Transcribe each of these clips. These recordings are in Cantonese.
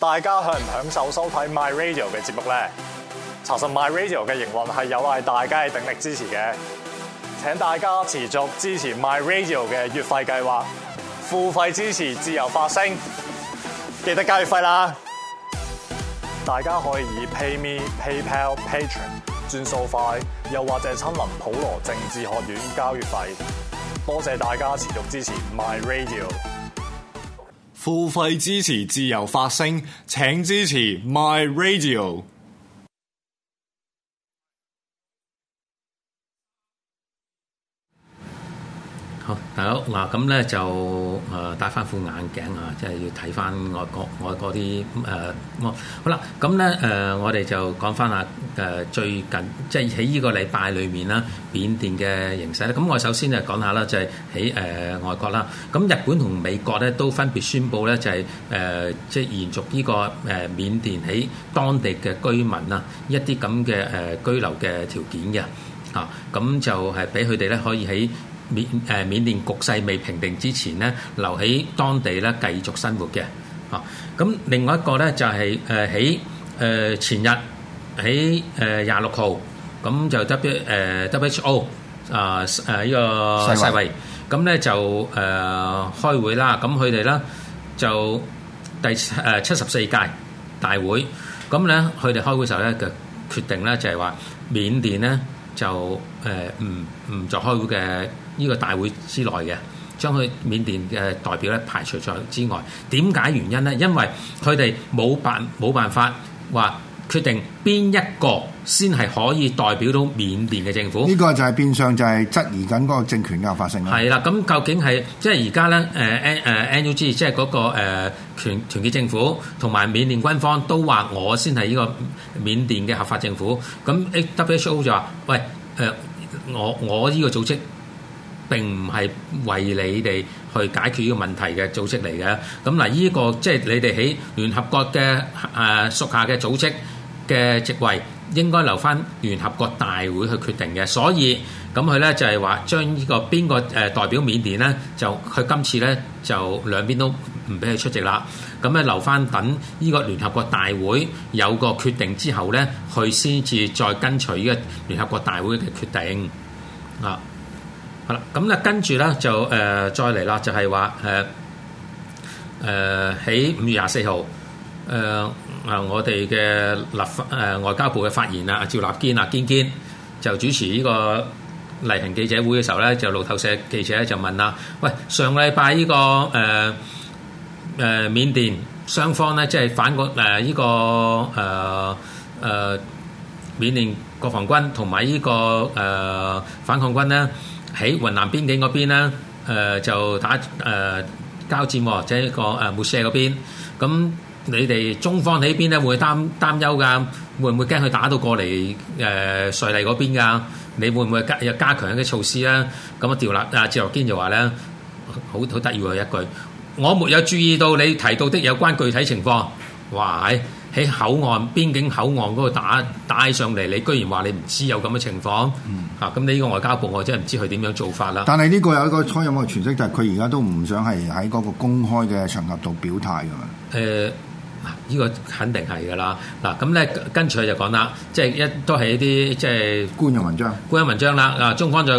大家享唔享受收睇 My Radio 嘅節目咧？查實 My Radio 嘅營運係有賴大家嘅鼎力支持嘅，請大家持續支持 My Radio 嘅月費計劃，付費支持自由發聲，記得交月費啦！大家可以以 PayMe、PayPal、Patreon 轉數快，又或者親臨普羅政治學院交月費。多謝大家持續支持 My Radio。付費支持自由發聲，請支持 My Radio。大佬，嗱咁咧就誒戴翻副眼鏡啊，即係要睇翻外國外國啲誒，好啦，咁咧誒我哋就講翻下誒最近，即係喺呢個禮拜裏面啦，緬甸嘅形勢咧，咁我首先就講下啦，就係喺誒外國啦，咁日本同美國咧都分別宣布咧、就係呃，就係誒即係延續呢個誒緬甸喺當地嘅居民啊，一啲咁嘅誒居留嘅條件嘅，啊，咁就係俾佢哋咧可以喺緬誒緬甸局勢未平定之前咧，留喺當地咧繼續生活嘅。嚇，咁另外一個咧就係誒喺誒前日喺誒廿六號，咁就 W 誒 W H O 啊誒呢個世衞咁咧就誒開會啦。咁佢哋咧就第誒七十四屆大會，咁咧佢哋開會時候咧就決定咧就係話緬甸咧就誒唔唔做開會嘅。呢個大會之內嘅將佢緬甸嘅代表咧排除在之外，點解原因咧？因為佢哋冇辦冇辦法話決定邊一個先係可以代表到緬甸嘅政府。呢個就係變相就係質疑緊嗰個政權嘅合法性啦。係啦，咁究竟係即係而家咧？誒誒 N U G 即係嗰個誒團團結政府同埋緬甸軍方都話我先係呢個緬甸嘅合法政府。咁 W H O 就話：喂誒我我呢個組織。並唔係為你哋去解決依個問題嘅組織嚟嘅。咁嗱，依個即係你哋喺聯合國嘅誒屬下嘅組織嘅席位，應該留翻聯合國大會去決定嘅。所以咁佢咧就係話將依個邊個誒代表緬甸咧，就佢今次咧就兩邊都唔俾佢出席啦。咁咧留翻等依個聯合國大會有個決定之後咧，佢先至再跟隨依個聯合國大會嘅決定啊。好啦，咁咧跟住咧就誒再嚟啦，就係話誒誒喺五月廿四號誒啊！我哋嘅立誒外交部嘅發言啊，趙立堅啊堅堅就主持呢個例行記者會嘅時候咧，就路透社記者就問啦：喂，上禮拜呢個誒誒緬甸雙方咧，即係反國誒呢個誒誒緬甸國防軍同埋呢個誒反抗軍咧。喺、hey, 雲南邊境嗰邊咧、呃，就打交、呃、戰喎，即係一個誒木姐嗰邊。咁你哋中方喺邊咧會擔擔，擔憂㗎？會唔會驚佢打到過嚟誒、呃、瑞麗嗰邊㗎？你會唔會加又加強一啲措施啊？咁啊掉立啊趙立堅就話咧，好好得意一句，我沒有注意到你提到的有關具體情況。哇喺口岸、邊境口岸嗰度打帶上嚟，你居然話你唔知有咁嘅情況，嗯、啊！咁你呢個外交部我真係唔知佢點樣做法啦。但係呢個有一個初有嘅詮釋，就係佢而家都唔想係喺嗰個公開嘅場合度表態㗎嘛、呃。誒，呢個肯定係㗎啦。嗱、啊，咁咧跟住佢就講啦，即係一都係一啲即係官樣文章、官樣文章啦、啊。中方在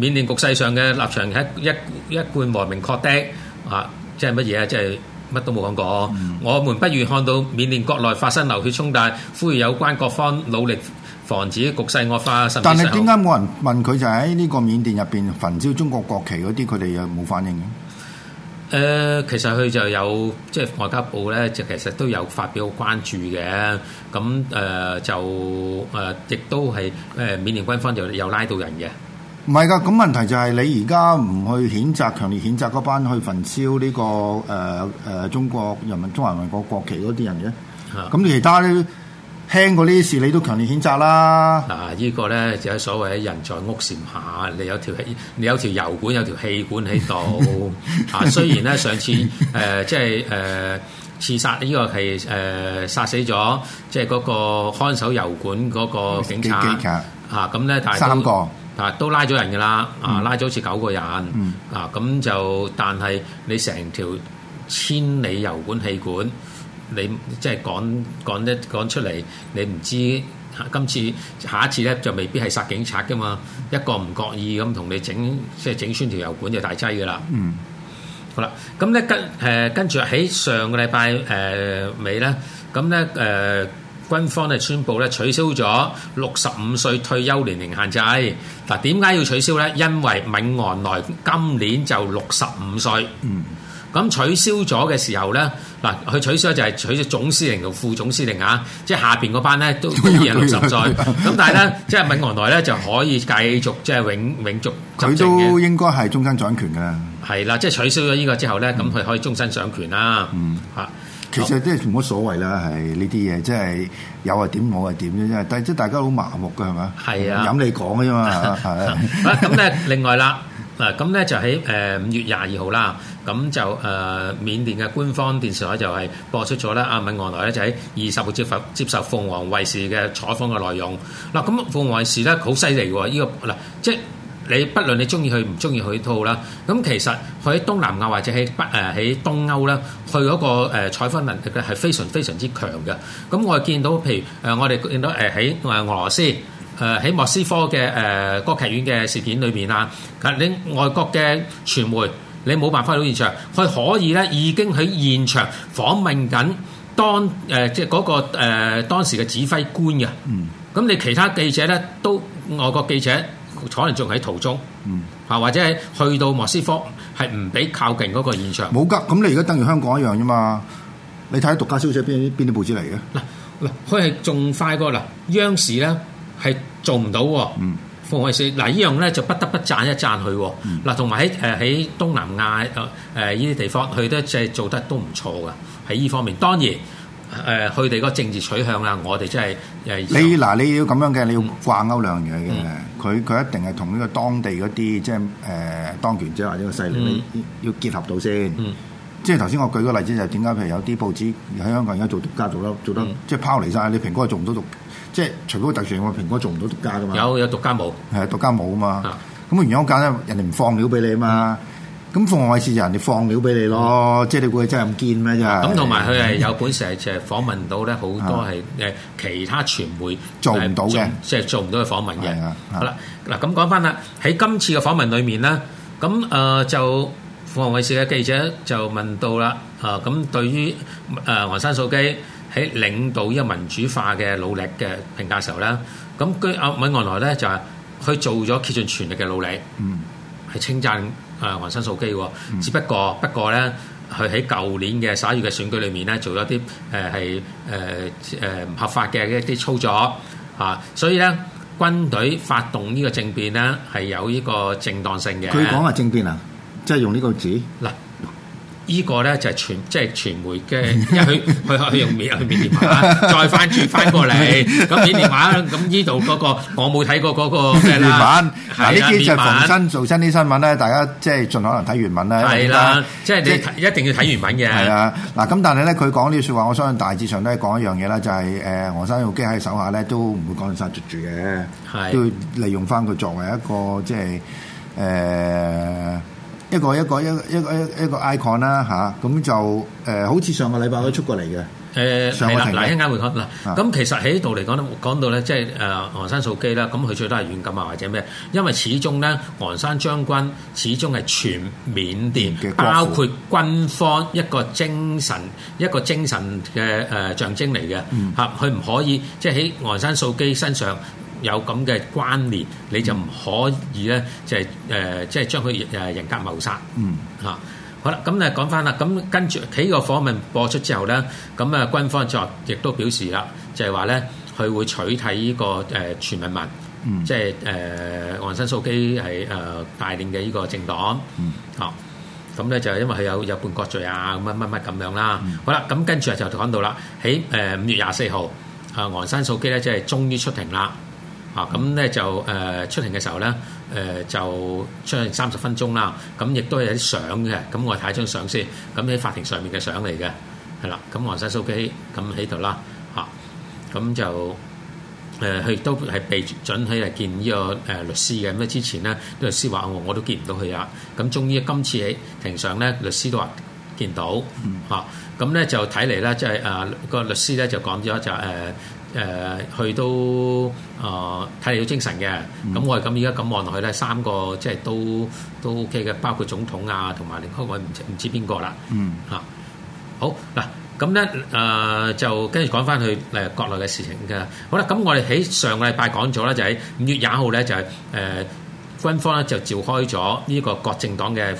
緬甸局勢上嘅立場係一一,一貫和明確的啊，即係乜嘢啊？即係。乜都冇講過，我們不如看到緬甸國內發生流血衝突，呼籲有關各方努力防止局勢惡化。但係點解冇人問佢就喺呢個緬甸入邊焚燒中國國旗嗰啲，佢哋有冇反應嘅？誒，其實佢就有即外交部咧，就其實都有發表關注嘅。咁誒就誒，亦都係誒緬甸軍方就有拉到人嘅。唔係噶，咁問題就係你而家唔去譴責、強烈譴責嗰班去焚燒呢、這個誒誒、呃、中國人民中華民國國旗嗰啲人啫。嚇、啊，咁其他輕過呢啲事，你都強烈譴責啦。嗱、啊，依、這個咧就係所謂人在屋檐下，你有條你有條油管，有條氣管喺度。嚇、 啊，雖然咧 上次誒即係誒刺殺呢、這個係誒、呃、殺死咗即係嗰個看守油管嗰個警察。啊，咁咧，三個。啊，都拉咗人㗎喇，啊，拉咗好似九個人，嗯嗯、啊咁就但係你成條千里油管氣管，你即係講講一講出嚟，你唔知今次下一次咧就未必係殺警察㗎嘛、嗯，一個唔覺意咁同你整，即係整穿條油管就大劑㗎喇。嗯，好啦，咁咧跟誒、呃、跟住喺上個禮拜誒、呃、尾咧，咁咧誒。呃軍方咧宣布咧取消咗六十五歲退休年齡限制。嗱，點解要取消咧？因為敏昂萊今年就六十五歲。嗯。咁取消咗嘅時候咧，嗱，佢取消就係取消總司令同副總司令啊，即係下邊嗰班咧都已經六十歲。咁但係咧，即係敏昂萊咧就可以繼續即係永永續執政嘅。佢都應該係終身掌權噶。係啦，即係取消咗呢個之後咧，咁佢可以終身掌權啦。嗯。嚇！其實即係冇乜所謂啦，係呢啲嘢，即係有係點，冇係點嘅啫。但係即係大家好麻木嘅係嘛？係啊，飲你講嘅啫嘛。係啊，咁咧，另外啦，嗱，咁咧就喺誒五月廿二號啦，咁就誒緬甸嘅官方電視台就係播出咗咧，阿敏昂來咧就喺二十號接佛接受鳳凰衛視嘅採訪嘅內容。嗱，咁鳳凰衛視咧好犀利嘅呢個嗱，即係。你不論你中意去唔中意去套啦，咁其實佢喺東南亞或者喺北誒喺東歐啦，佢嗰個誒採訪能力咧係非常非常之強嘅。咁我見到譬如誒我哋見到誒喺誒俄羅斯誒喺莫斯科嘅誒歌劇院嘅事件裏邊啊，啊你外國嘅傳媒你冇辦法去到現場，佢可以咧已經喺現場訪問緊當誒即係嗰個誒當時嘅指揮官嘅。嗯，咁你其他記者咧都外國記者。可能仲喺途中，嗯，啊或者係去到莫斯科係唔俾靠近嗰個現場。冇急，咁你如果等如香港一樣啫嘛。你睇下獨家消息邊邊啲報紙嚟嘅？嗱嗱，佢係仲快過嗱央視咧，係做唔到的。嗯，傅愛士，嗱呢樣咧就不得不讚一讚佢。嗯，嗱同埋喺誒喺東南亞誒誒呢啲地方，佢都即係做得都唔錯嘅喺呢方面。當然誒，佢哋嗰個政治取向啊，我哋真係誒。你嗱你要咁樣嘅，你要掛鈎兩樣嘅。嗯嗯佢佢一定係同呢個當地嗰啲即係誒、呃、當權者或者個勢力、嗯、要結合到先，嗯、即係頭先我舉個例子就係點解譬如有啲報紙喺香港而家做獨家做咯，做得，做得、嗯、即係拋離晒。你蘋果係做唔到獨，即係除咗個特殊情況蘋果做唔到獨家噶嘛。有有獨家冇係獨家冇啊嘛，咁、啊、原香價咧人哋唔放料俾你啊嘛。嗯咁鳳凰衛視就人哋放料俾你咯，即係你估佢真係咁堅咩？就咁同埋佢係有本事係即係訪問到咧，好多係誒其他傳媒做唔到嘅，即係做唔到嘅訪問嘅。好啦，嗱咁講翻啦，喺今次嘅訪問裡面咧，咁誒就鳳凰衛視嘅記者就問到啦，誒咁對於誒昂山素姬喺領導一民主化嘅努力嘅評價時候咧，咁據敏昂萊咧就係佢做咗竭盡全力嘅努力，嗯，係稱讚。啊，昂山素姬，只不過不過咧，佢喺舊年嘅十一月嘅選舉裏面咧，做咗啲誒係誒誒唔合法嘅一啲操作啊，所以咧軍隊發動呢個政變咧係有呢個正當性嘅。佢講話政變啊，即係用呢個字嗱。依個咧就係傳即係傳媒嘅，因為佢佢可以用緬用緬電話再翻轉翻過嚟咁緬電話咁依度嗰個我冇睇過嗰個原文，嗱呢啲就逢新做新啲新聞咧，大家即係盡可能睇原文啦。係啦，即係你一定要睇原文嘅。係啦，嗱咁但係咧佢講呢啲説話，我相信大致上都係講一樣嘢啦，就係誒黃生用機喺手下咧都唔會趕盡殺絕嘅，係都要利用翻佢作為一個即係誒。一個一個一個一，個一個一個 icon 啦、啊、咁就、呃、好似上個禮拜都出過嚟嘅、嗯呃。上嗱，一間會刊嗱。咁、啊、其實喺度嚟講咧，講到咧、就是，即係誒昂山素基啦。咁佢最多係軟感啊，或者咩？因為始終咧，昂山將軍始終係全甸面甸包括軍方一個精神一個精神嘅、呃、象徵嚟嘅。佢、嗯、唔可以即係喺昂山素基身上。有咁嘅關聯，你就唔可以咧，就係、是、誒，即、呃、係、就是、將佢誒人格謀殺。嗯，啊、好啦，咁咧講翻啦，咁跟住喺呢個訪問播出之後咧，咁啊軍方就亦都表示啦，就係話咧佢會取締呢、這個、呃、全民民，即係誒昂山素基係誒帶領嘅呢個政黨。嗯，哦、啊，咁咧就因為佢有有叛國罪啊，乜乜乜咁樣啦。嗯、好啦，咁跟住就講到啦，喺誒五月廿四號，啊昂山素基咧即係終於出庭啦。啊、嗯，咁咧就誒、呃、出庭嘅時候咧，誒、呃、就出庭三十分鐘啦。咁亦都係有啲相嘅，咁我睇一張相先。咁喺法庭上面嘅相嚟嘅，係啦。咁昂山素姬咁喺度啦，嚇。咁、啊、就誒佢亦都係被准許嚟見呢個誒律師嘅。咁之前咧，律師話我我都見唔到佢啊。咁終於今次喺庭上咧，律師都話見到嚇。咁、啊、咧就睇嚟咧，即係啊個律師咧就講咗就誒、是。呃誒、呃，去都啊，睇嚟有精神嘅。咁、嗯、我哋咁，而家咁望落去咧，三個即係都都 OK 嘅，包括總統啊，同埋另外唔唔知邊個啦。嗯、啊，好嗱，咁、啊、咧、呃、就跟住講翻去誒國內嘅事情嘅。好啦，咁我哋喺上個禮拜講咗啦，就喺五月廿號咧，就係誒、呃、軍方咧就召開咗呢個各政黨嘅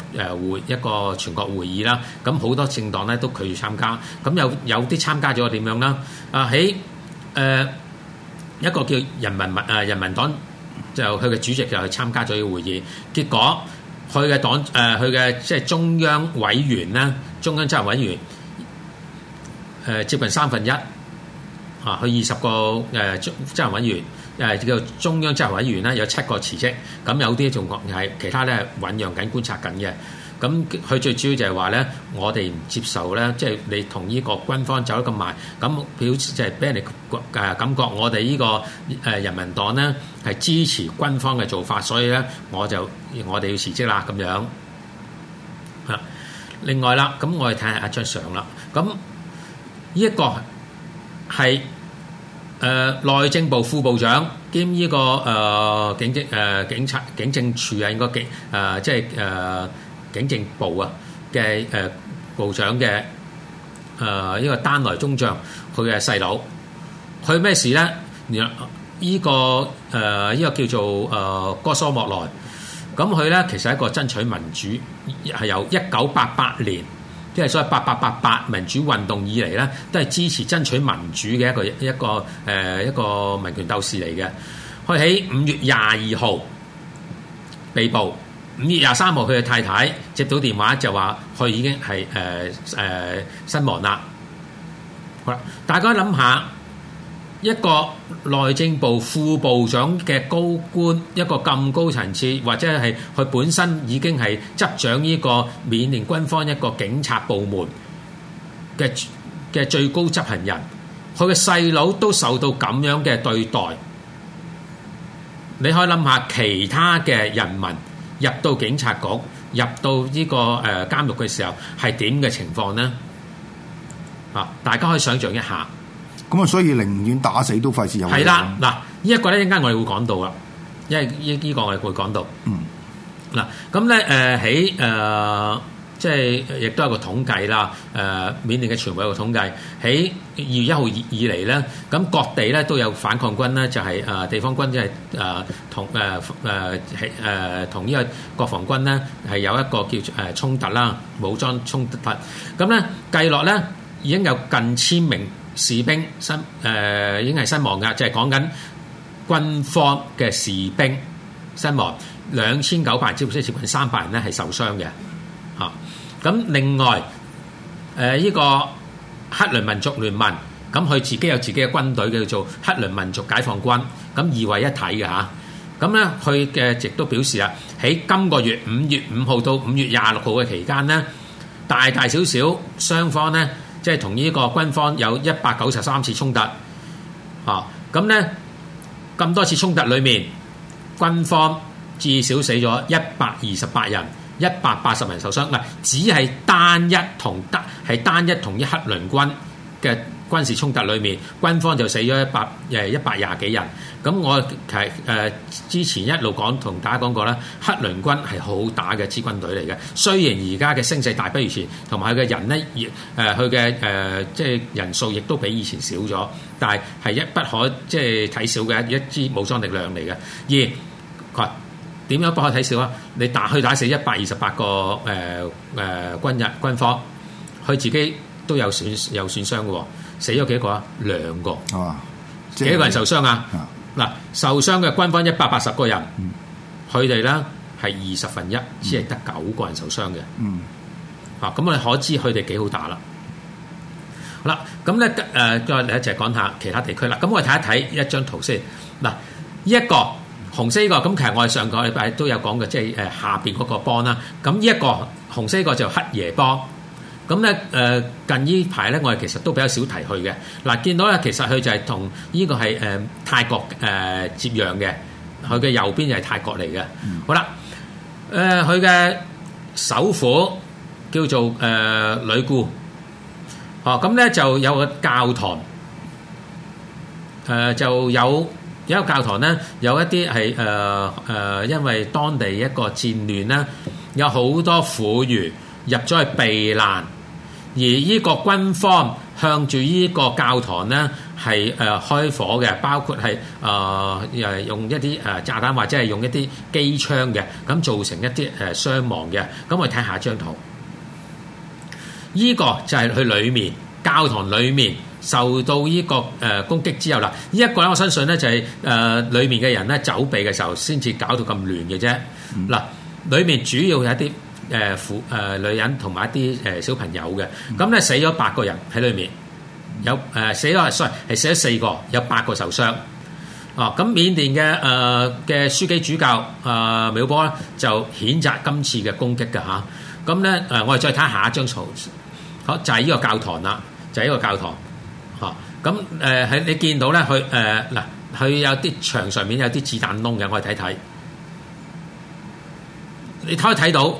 一個全國會議啦。咁好多政黨咧都拒絕參加，咁有有啲參加咗點樣啦？啊喺誒、呃、一個叫人民民誒、呃、人民黨就佢嘅主席就去參加咗呢個會議，結果佢嘅黨誒佢嘅即係中央委員啦，中央執行委員誒、呃、接近三分一吓，佢、啊、二十個誒、呃、中央執行委員誒、呃、叫中央執行委員啦，有七個辭職，咁有啲仲確係其他咧醖釀緊觀察緊嘅。咁佢最主要就係話咧，我哋唔接受咧，即係你同依個軍方走得咁埋，咁好似就係俾人哋誒感覺，我哋依個誒人民黨咧係支持軍方嘅做法，所以咧我就我哋要辭職啦咁樣。嚇，另外啦，咁我哋睇下一張相啦。咁依一個係誒內政部副部長兼依個誒警政誒警察警政處啊，應該警誒即係誒。警政部啊嘅誒部長嘅誒、呃、一個丹來中將，佢嘅細佬，佢咩事咧？呢、這個誒呢、呃這個叫做誒哥蘇莫萊，咁佢咧其實係一個爭取民主，係由一九八八年即係所謂八八八八民主運動以嚟咧，都係支持爭取民主嘅一個一個誒、呃、一個民權鬥士嚟嘅。佢喺五月廿二號被捕。五月廿三號，佢嘅太太接到電話就話，佢已經係誒誒身亡啦。好啦，大家諗下一個內政部副部長嘅高官，一個咁高層次，或者係佢本身已經係執掌呢個緬甸軍方一個警察部門嘅嘅最高執行人，佢嘅細佬都受到咁樣嘅對待。你可以諗下其他嘅人民。入到警察局，入到呢個誒監獄嘅時候係點嘅情況呢？啊，大家可以想像一下。咁、嗯、啊，所以寧願打死都費事有。係啦，嗱，呢、這、一個咧一陣間我哋會講到啦，因為呢呢個我哋會講到。嗯。嗱，咁咧誒喺誒。呃即係亦都係個統計啦。誒，緬甸嘅全部有一個統計，喺二月一號以以嚟咧，咁各地咧都有反抗軍咧，就係誒地方軍即係誒同誒誒誒同呢個國防軍咧係有一個叫做誒衝突啦，武裝衝突。咁咧計落咧已經有近千名士兵身誒已經係身亡㗎，就係講緊軍方嘅士兵身亡，兩千九百人，接近三百人咧係受傷嘅。咁另外，誒呢個克倫民族聯盟，咁佢自己有自己嘅軍隊，叫做克倫民族解放軍，咁二位一體嘅㗎。咁咧，佢嘅亦都表示啦，喺今個月五月五號到五月廿六號嘅期間咧，大大小小雙方咧，即係同呢個軍方有一百九十三次衝突，啊，咁咧咁多次衝突裏面，軍方至少死咗一百二十八人。一百八十人受傷，嗱，只係單一同得係單一同一克倫軍嘅軍事衝突裏面，軍方就死咗一百誒一百廿幾人。咁我係誒、呃、之前一路講同大家講過啦，克倫軍係好打嘅一支軍隊嚟嘅，雖然而家嘅聲勢大不如前，同埋佢嘅人咧亦誒佢嘅誒即係人數亦都比以前少咗，但係係一不可即係睇少嘅一支武裝力量嚟嘅。二，確。點樣不可睇小啊？你打去打死一百二十八個誒誒、呃呃、軍人軍方，佢自己都有損有損傷嘅、哦、死咗幾個啊？兩個。哦、啊。幾個人受傷啊？嗱、啊，受傷嘅軍方一百八十個人，佢哋咧係二十分一先係得九個人受傷嘅。嗯。啊，咁我哋可知佢哋幾好打啦。好、啊、啦，咁咧誒，再嚟一齊講下其他地區啦。咁我哋睇一睇一張圖先。嗱、啊，一個。紅色呢個咁其實我哋上個禮拜都有講嘅，即係誒下邊嗰個邦啦。咁呢一個紅色呢個就黑夜邦。咁咧誒近呢排咧，我哋其實都比較少提佢嘅。嗱，見到咧，其實佢就係同呢個係誒泰國誒接壤嘅，佢嘅右邊就係泰國嚟嘅。好啦，誒佢嘅首府叫做誒雷固。哦，咁咧就有個教堂，誒就有。有個教堂咧，有一啲係誒誒，因為當地一個戰亂咧，有好多婦孺入咗去避難，而依個軍方向住依個教堂咧係誒開火嘅，包括係誒用一啲誒炸彈或者係用一啲機槍嘅，咁造成一啲誒傷亡嘅。咁我睇下張圖，依個就係佢裡面教堂裡面。受到呢、這個誒、呃、攻擊之後啦，呢一個咧，我相信咧就係誒裏面嘅人咧走避嘅時候才得麼，先至搞到咁亂嘅啫。嗱，裏面主要係一啲誒婦誒女人同埋一啲誒、呃、小朋友嘅，咁咧死咗八個人喺裏面，有誒、呃、死咗係衰係死咗四個，有八個受傷。哦、啊，咁緬甸嘅誒嘅書記主教誒妙、呃、波咧就譴責今次嘅攻擊㗎吓。咁咧誒我哋再睇下一張圖，好就係、是、呢個教堂啦，就係、是、呢個教堂。咁誒喺你見到咧，佢誒嗱，佢、呃、有啲牆上面有啲子彈窿嘅，我哋睇睇，你睇睇到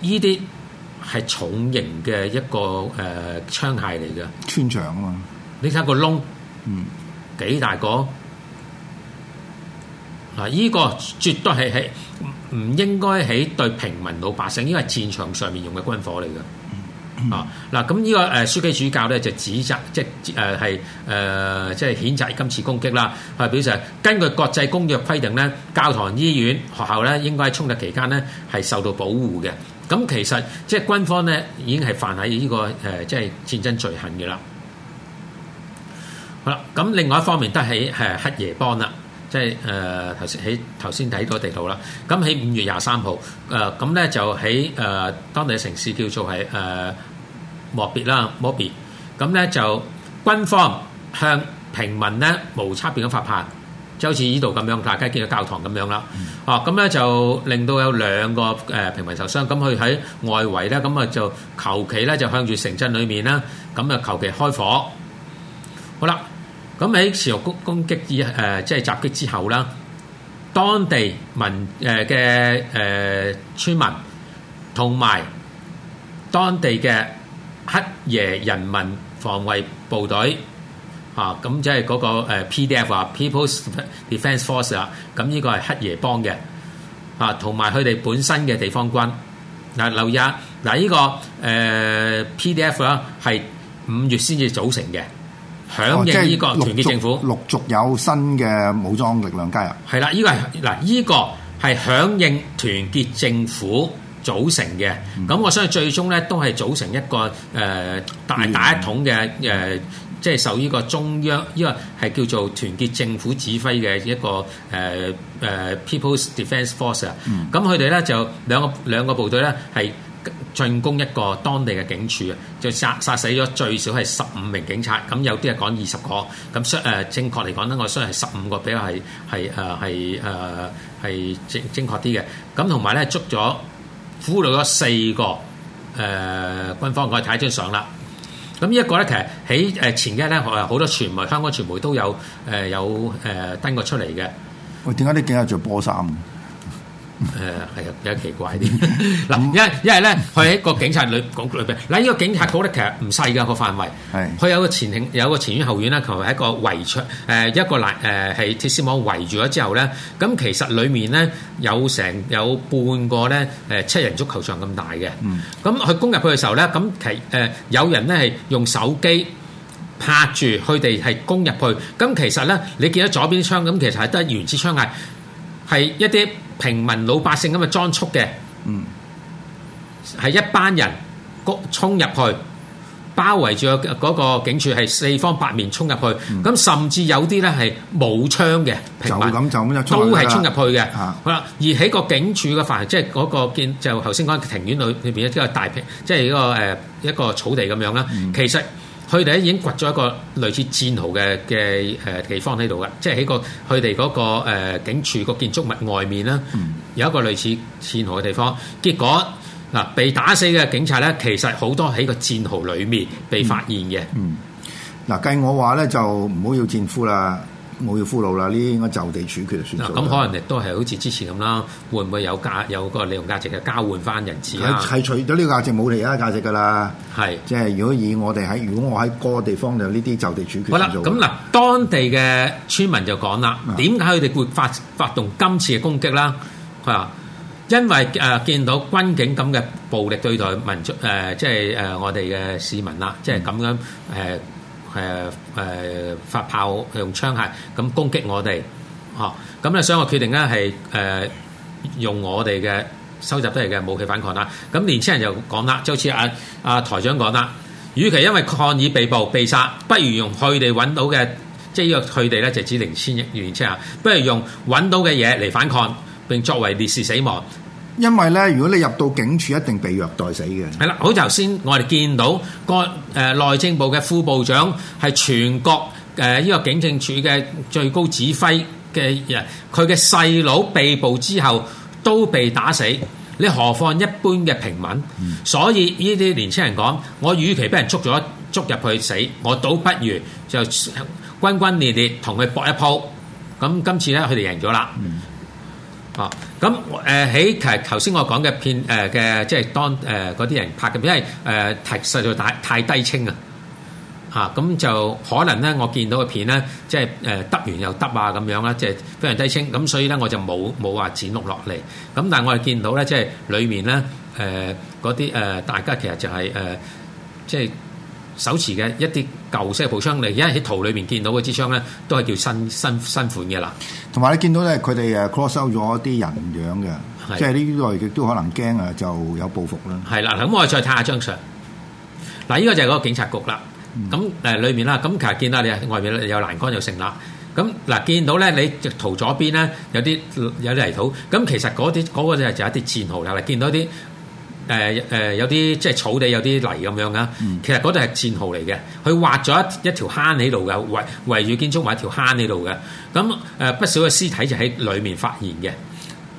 呢啲係重型嘅一個誒、呃、槍械嚟嘅，穿牆啊嘛！你睇下個窿，嗯，幾大個？嗱，呢個絕對係係唔應該喺對平民老百姓，因為戰場上面用嘅軍火嚟嘅。 啊！嗱，咁呢個誒樞機主教咧就指責，即係誒係誒即係、呃、譴責今次攻擊啦。佢表示根據國際公約規定咧，教堂、醫院、學校咧應該喺衝突期間咧係受到保護嘅。咁其實即係軍方咧已經係犯喺呢、這個誒即係戰爭罪行嘅啦。好啦，咁另外一方面都係誒黑耶幫啦。即係誒頭先喺頭先睇到個地圖啦，咁喺五月廿三號，誒咁咧就喺誒、呃、當地嘅城市叫做係誒、呃、莫別啦，莫別，咁咧就軍方向平民咧無差別咁發炮，就好似依度咁樣，大家見到教堂咁樣啦，哦咁咧就令到有兩個誒平民受傷，咁佢喺外圍咧，咁啊就求其咧就向住城鎮裏面啦，咁啊求其開火，好啦。咁喺持續攻攻擊之誒即係襲擊之後啦，當地民誒嘅誒村民同埋當地嘅黑耶人民防衛部隊啊，咁即係嗰個誒 PDF 啊，People's Defence Force 啊，咁呢個係黑耶邦嘅啊，同埋佢哋本身嘅地方軍嗱，留意下嗱，呢個誒 PDF 啦，係五月先至組成嘅。響應呢個團結政府，陸、哦、續、續有新嘅武裝力量加入。係啦，呢、這個係嗱，呢、這個係響應團結政府組成嘅。咁、嗯、我相信最終咧都係組成一個誒、呃、大大一統嘅誒，即、呃、係、就是、受呢個中央呢、這個係叫做團結政府指揮嘅一個誒誒、呃、People's Defence Force 啊、嗯。咁佢哋咧就兩個兩個部隊咧係。是進攻一個當地嘅警署啊，就殺殺死咗最少係十五名警察，咁有啲係講二十個，咁誒正確嚟講咧，我相信係十五個比較係係誒係誒係正正確啲嘅，咁同埋咧捉咗俘虜咗四個誒、呃、軍方，我睇一張相啦。咁呢一個咧其實喺誒前幾日咧，好多傳媒、香港傳媒都有誒有誒登過出嚟嘅。喂，點解你今日著波衫？誒係啊，比較奇怪啲嗱，因為因為咧，佢喺個警察局裏邊嗱，呢個警察局咧其實唔細噶，個範圍，係佢有個前庭，有個前院後院啦，佢係一個圍牆誒，一個欄誒，係鐵絲網圍住咗之後咧，咁其實裡面咧有成有半個咧誒七人足球場咁大嘅，嗯，咁佢攻入去嘅時候咧，咁其誒有人咧係用手機拍住佢哋係攻入去，咁其實咧你見到左邊啲窗咁，其實係得原始窗藝。係一啲平民老百姓咁嘅裝束嘅，嗯，係一班人個衝入去，包圍住嗰個警署，係四方八面衝入去，咁甚至有啲咧係冇槍嘅平民，就咁就咁就都係衝入去嘅。好啦，而喺個警署嘅範圍，即係嗰個建就頭先講庭院裏裏邊一啲個大片，即係嗰個誒一個草地咁樣啦。其實。佢哋已經掘咗一個類似戰壕嘅嘅地方喺度嘅，即係喺個佢哋嗰個警署個建築物外面啦，有一個類似戰壕嘅地方。結果嗱被打死嘅警察咧，其實好多喺個戰壕裏面被發現嘅。嗯。嗱、嗯，計、嗯、我話咧就唔好要，要戰俘啦。冇要俘虜啦，呢啲應該就地處決就算啦。咁、嗯嗯嗯、可能亦都係好似之前咁啦，會唔會有價有個利用價值嘅交換翻人質？啊？係除咗呢個價值，冇其他價值噶啦。係即係如果以我哋喺，如果我喺個地方就呢啲就地處決。好、嗯、啦，咁、嗯、嗱、嗯，當地嘅村民就講啦，點解佢哋會發，發動今次嘅攻擊啦？佢、啊、話因為誒、呃、見到軍警咁嘅暴力對待民族即係我哋嘅市民啦，即係咁樣、嗯呃誒、呃、誒發炮用槍械咁攻擊我哋，呵、啊，咁咧所以我決定咧係誒用我哋嘅收集得嚟嘅武器反抗啦。咁年輕人就講啦，就好似阿阿台長講啦，與其因為抗議被捕被殺，不如用佢哋揾到嘅，即係呢個佢哋咧就指年輕人之下，不如用揾到嘅嘢嚟反抗，並作為烈士死亡。因為咧，如果你入到警署，一定被虐待死嘅。係啦，好頭先，我哋見到個誒內政部嘅副部長係全國誒呢個警政處嘅最高指揮嘅人，佢嘅細佬被捕之後都被打死，你何況一般嘅平民？嗯、所以呢啲年輕人講：我與其俾人捉咗捉入去死，我倒不如就轟轟烈烈同佢搏一鋪。咁今次咧，佢哋贏咗啦。哦，咁誒喺其實頭先我講嘅片誒嘅、呃，即係當誒嗰啲人拍嘅，因為誒太實在太太低清啊，嚇咁就可能咧，我見到嘅片咧，即係誒得完又得啊咁樣啦，即係非常低清，咁所以咧我就冇冇話剪錄落嚟。咁但係我哋見到咧，即係裡面咧誒嗰啲誒大家其實就係、是、誒、呃、即係。手持嘅一啲舊式步槍，嚟，而家喺圖裏面見到嘅支槍咧，都係叫新新新款嘅啦。同埋你見到咧，佢哋誒 cross out 咗啲人樣嘅，即係呢個亦都可能驚啊，就有報復啦。係啦，咁我哋再睇下張相。嗱，呢個就係嗰個警察局啦。咁誒裏面啦，咁其實見到你外面有到你邊有欄杆又成立。咁嗱、那個，見到咧，你圖左邊咧有啲有啲泥土。咁其實嗰啲嗰個就係就一啲戰壕啦。見到啲。誒誒有啲即係草地有啲泥咁樣啊，其實嗰度係戰壕嚟嘅，佢挖咗一一條坑喺度嘅，圍圍住建築物一條坑喺度嘅，咁誒不少嘅屍體就喺裡面發現嘅。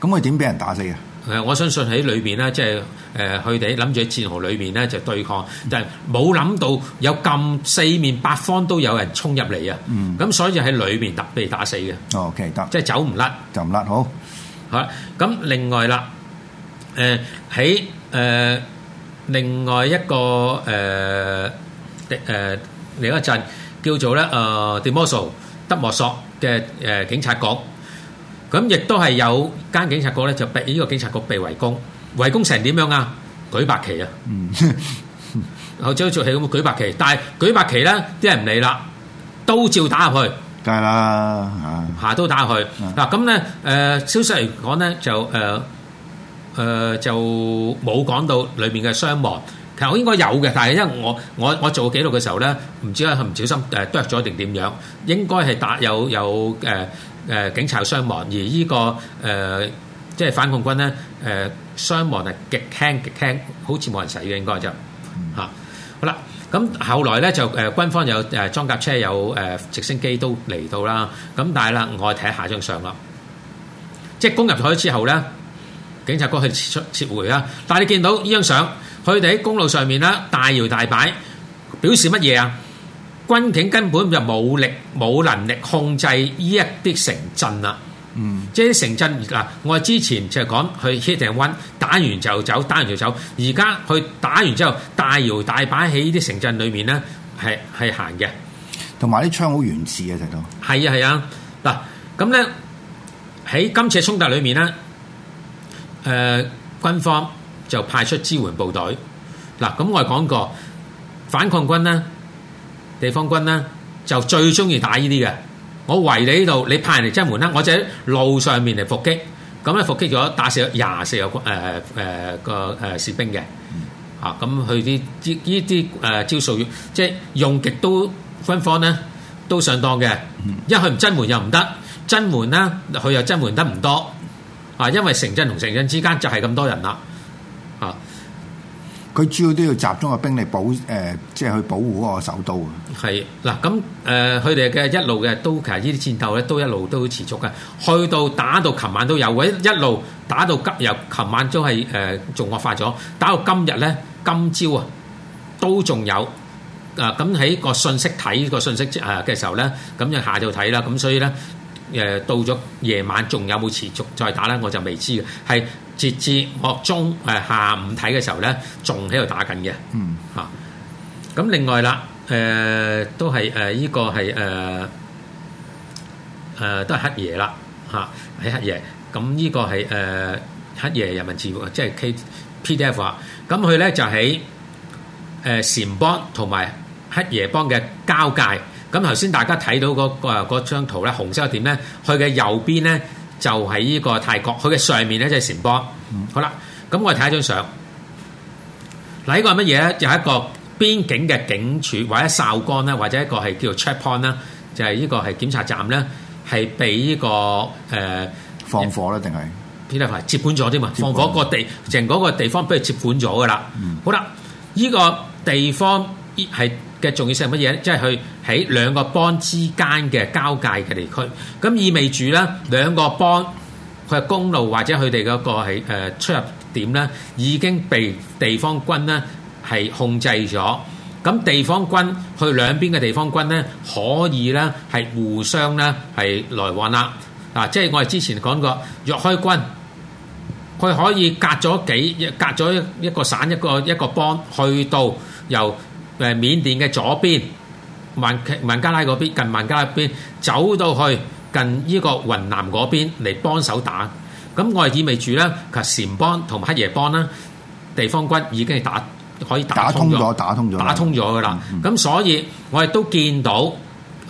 咁佢點俾人打死呀？誒，我相信喺裏面呢，即係誒佢哋諗住戰壕裏面咧就對抗，但係冇諗到有咁四面八方都有人衝入嚟啊！嗯，咁所以就喺裏面突被打死嘅。哦，OK，突即係走唔甩，走唔甩，好好。咁另外啦。誒喺誒另外一個誒誒另一個鎮叫做咧誒德摩索德摩索嘅誒警察局，咁亦都係有間警察局咧就被呢個警察局被圍攻，圍攻成點樣啊？舉白旗啊！嗯，好似做戲咁舉白旗，但係舉白旗咧，啲人唔理啦，都照打入去。梗係啦，下下都打佢嗱。咁咧誒消息嚟講咧就誒。誒就冇講到裏面嘅傷亡，其實我應該有嘅，但係因為我我我做記錄嘅時候咧，唔知咧係唔小心誒剁咗定點樣，應該係打有有誒誒警察有傷亡，而依個誒即係反抗軍咧誒傷亡係極輕極輕，好似冇人死嘅應該就嚇好啦。咁後來咧就誒軍方有誒裝甲車有誒直升機都嚟到啦。咁但係啦，我睇下張相咯，即係攻入咗之後咧。警察局去撤撤回啦，但係你見到呢張相，佢哋喺公路上面啦，大搖大擺，表示乜嘢啊？軍警根本就冇力冇能力控制呢一啲城鎮啊。嗯，即係啲城鎮啊，我之前就係講去 hit and run 打完就走，打完就走。而家佢打完之後，大搖大擺喺呢啲城鎮裏面咧，係係行嘅，同埋啲槍好原始啊，直頭。係啊係啊，嗱咁咧喺今次嘅衝突裏面咧。誒軍方就派出支援部隊，嗱咁我講過，反抗軍咧、地方軍咧就最中意打依啲嘅。我圍你依度，你派人嚟增援啦，我就喺路上面嚟伏擊。咁咧伏擊咗打死廿四個誒誒個誒士兵嘅。啊咁佢啲依啲誒招數，即係用極都軍方咧都上當嘅。因為佢唔增援又唔得，增援啦佢又增援得唔多。啊！因為城鎮同城鎮之間就係咁多人啦，啊！佢主要都要集中個兵力保誒，即、呃、係、就係、去保護嗰個首都啊！係嗱，咁、呃、誒，佢哋嘅一路嘅都其實呢啲戰鬥咧，都一路都持續嘅，去到打到琴晚都有，一一路打到急，又琴晚都係誒仲惡化咗，打到今日咧，今朝啊都仲有啊！咁喺、啊、個信息睇、個信息嘅時候咧，咁就下晝睇啦，咁所以咧。誒到咗夜晚，仲有冇持續再打咧？我就未知嘅，係截至我中誒下午睇嘅時候咧，仲喺度打緊嘅。嗯，嚇。咁另外啦，誒都係誒依個係誒誒都係黑夜啦，嚇，喺黑夜。咁依個係誒黑夜人民字幕，即係 K P D F 啊。咁佢咧就喺誒撣邦同埋黑夜邦嘅交界。咁頭先大家睇到嗰個嗰張圖咧，紅色係點咧？佢嘅右邊咧就係呢個泰國，佢嘅上面咧就係撣邦。好啦，咁我哋睇一張相。嗱，呢個係乜嘢咧？就係、是、一個邊境嘅警署，或者哨崗咧，或者一個係叫做 check point 啦，就係呢個係檢查站咧、這個，係畀呢個誒放火咧，定係？唔係接管咗添嘛？放火嗰地，成、嗯、嗰個地方畀佢接管咗噶啦。好啦，依、這個地方係。嘅重要性係乜嘢咧？即係佢喺兩個邦之間嘅交界嘅地區，咁意味住咧兩個邦佢係公路或者佢哋嗰個係誒出入點咧，已經被地方軍咧係控制咗。咁地方軍去兩邊嘅地方軍咧，可以咧係互相咧係來往啦。嗱，即係我哋之前講過，若開軍佢可以隔咗幾隔咗一個省一個一個邦去到由。誒緬甸嘅左邊，孟孟加拉嗰邊近孟加拉邊，走到去近呢個雲南嗰邊嚟幫手打，咁我係意味住咧，其實禪邦同埋黑爺邦啦，地方軍已經係打可以打通咗，打通咗，打通咗噶啦。咁所以我亦都見到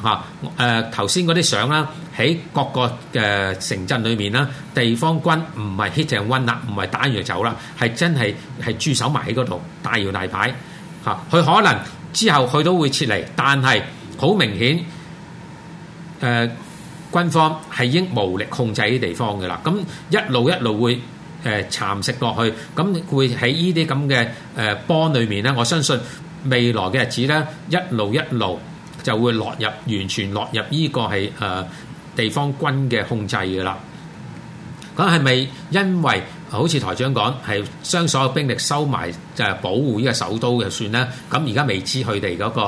嚇誒頭先嗰啲相啦，喺各個嘅城鎮裏面啦，地方軍唔係 hit and run 啦，唔係打完就走啦，係真係係駐守埋喺嗰度大搖大擺。嚇！佢可能之後佢都會撤離，但係好明顯，誒軍方係已經無力控制呢啲地方嘅啦。咁一路一路會誒蠶食落去，咁會喺呢啲咁嘅誒波裏面咧，我相信未來嘅日子咧，一路一路就會落入完全落入呢個係誒地方軍嘅控制嘅啦。咁係咪因為？好似台長講，係將所有兵力收埋就係保護呢個首都就算啦。咁而家未知佢哋嗰個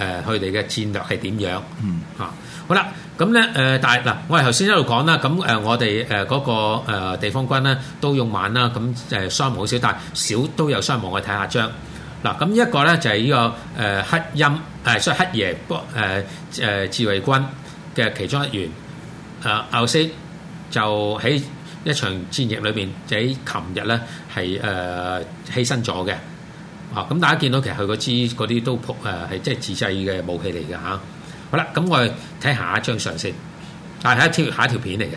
佢哋嘅戰略係點樣？嗯嚇、啊、好啦。咁咧誒，但係嗱、呃，我係頭先一路講啦。咁、嗯、誒、呃，我哋誒嗰個、呃、地方軍咧都用晚啦。咁誒傷亡好少，但係少都有傷亡。我睇下張嗱。咁、啊、一個咧就係、是、呢、這個誒、呃、黑陰誒，即、呃、係黑夜幫誒自衛軍嘅其中一員誒，阿、呃、西就喺。一場戰役裏邊，就喺琴日咧係誒犧牲咗嘅。啊，咁大家見到其實佢嗰支嗰啲都撲誒係即係自製嘅武器嚟嘅吓。好啦，咁我哋睇下一張相先，但係係一條下一條片嚟嘅。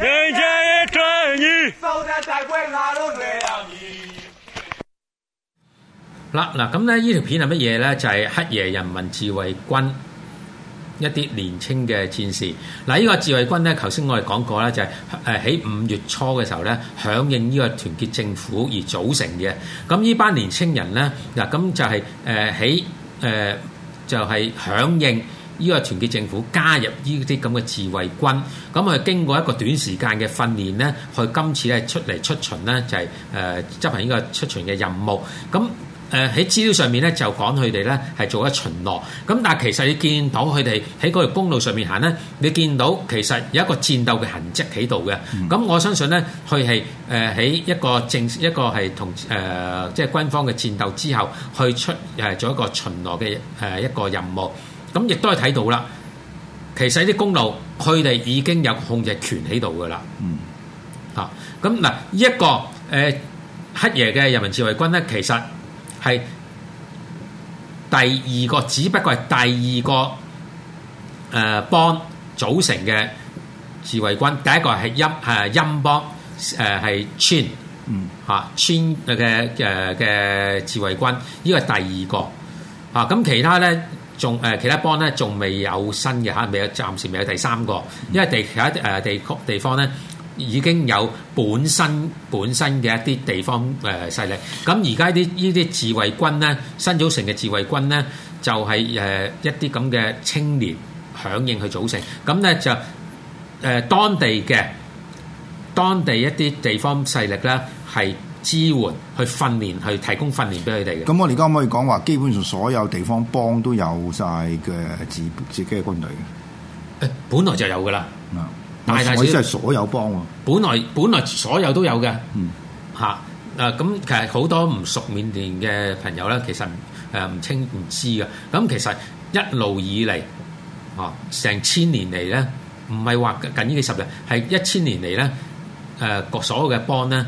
人間一轉眼，收得再貴，我都原諒你。嗱嗱，咁咧呢條片係乜嘢咧？就係黑夜人民自衛軍，一啲年青嘅戰士。嗱，呢個自衛軍咧，頭先我哋講過啦，就係誒喺五月初嘅時候咧，響應呢個團結政府而組成嘅。咁呢班年青人咧，嗱咁就係誒喺誒就係響應。依個團結政府加入依啲咁嘅自衛軍，咁佢經過一個短時間嘅訓練咧，佢今次咧出嚟出巡咧就係誒執行依個出巡嘅任務。咁誒喺資料上面咧就講佢哋咧係做一巡邏，咁但係其實你見到佢哋喺嗰條公路上面行咧，你見到其實有一個戰鬥嘅痕跡喺度嘅。咁我相信咧，佢係誒喺一個正一個係同誒即係軍方嘅戰鬥之後去出誒做一個巡邏嘅誒一個任務。咁亦都係睇到啦，其實啲公路佢哋已經有控制權喺度噶啦。嗯。嚇、這個，咁嗱，一個誒黑爺嘅人民自衛軍咧，其實係第二個，只不過係第二個誒邦、呃、組成嘅自衛軍。第一個係陰誒陰邦誒係村，嗯嚇村嘅誒嘅自衛軍，呢、這個係第二個。嚇、啊，咁其他咧。仲誒其他幫咧，仲未有新嘅嚇，未有，暫時未有第三個，因為地其他誒地區地方咧已經有本身，本身嘅一啲地方誒勢力，咁而家啲呢啲自衛軍咧，新組成嘅自衛軍咧就係誒一啲咁嘅青年響應去組成，咁咧就誒當地嘅當地一啲地方勢力咧係。支援去訓練，去提供訓練俾佢哋嘅。咁我哋而家可唔可以講話？基本上所有地方邦都有晒嘅自自己嘅軍隊嘅。誒，本來就有噶啦。啊、嗯，但係我真係所有邦啊。本來本來所有都有嘅。嗯。嚇！啊，咁其實好多唔熟緬甸嘅朋友咧，其實誒唔清唔知嘅。咁其實一路以嚟，哦，成千年嚟咧，唔係話近呢幾十日，係一千年嚟咧。誒、呃，各所有嘅邦咧。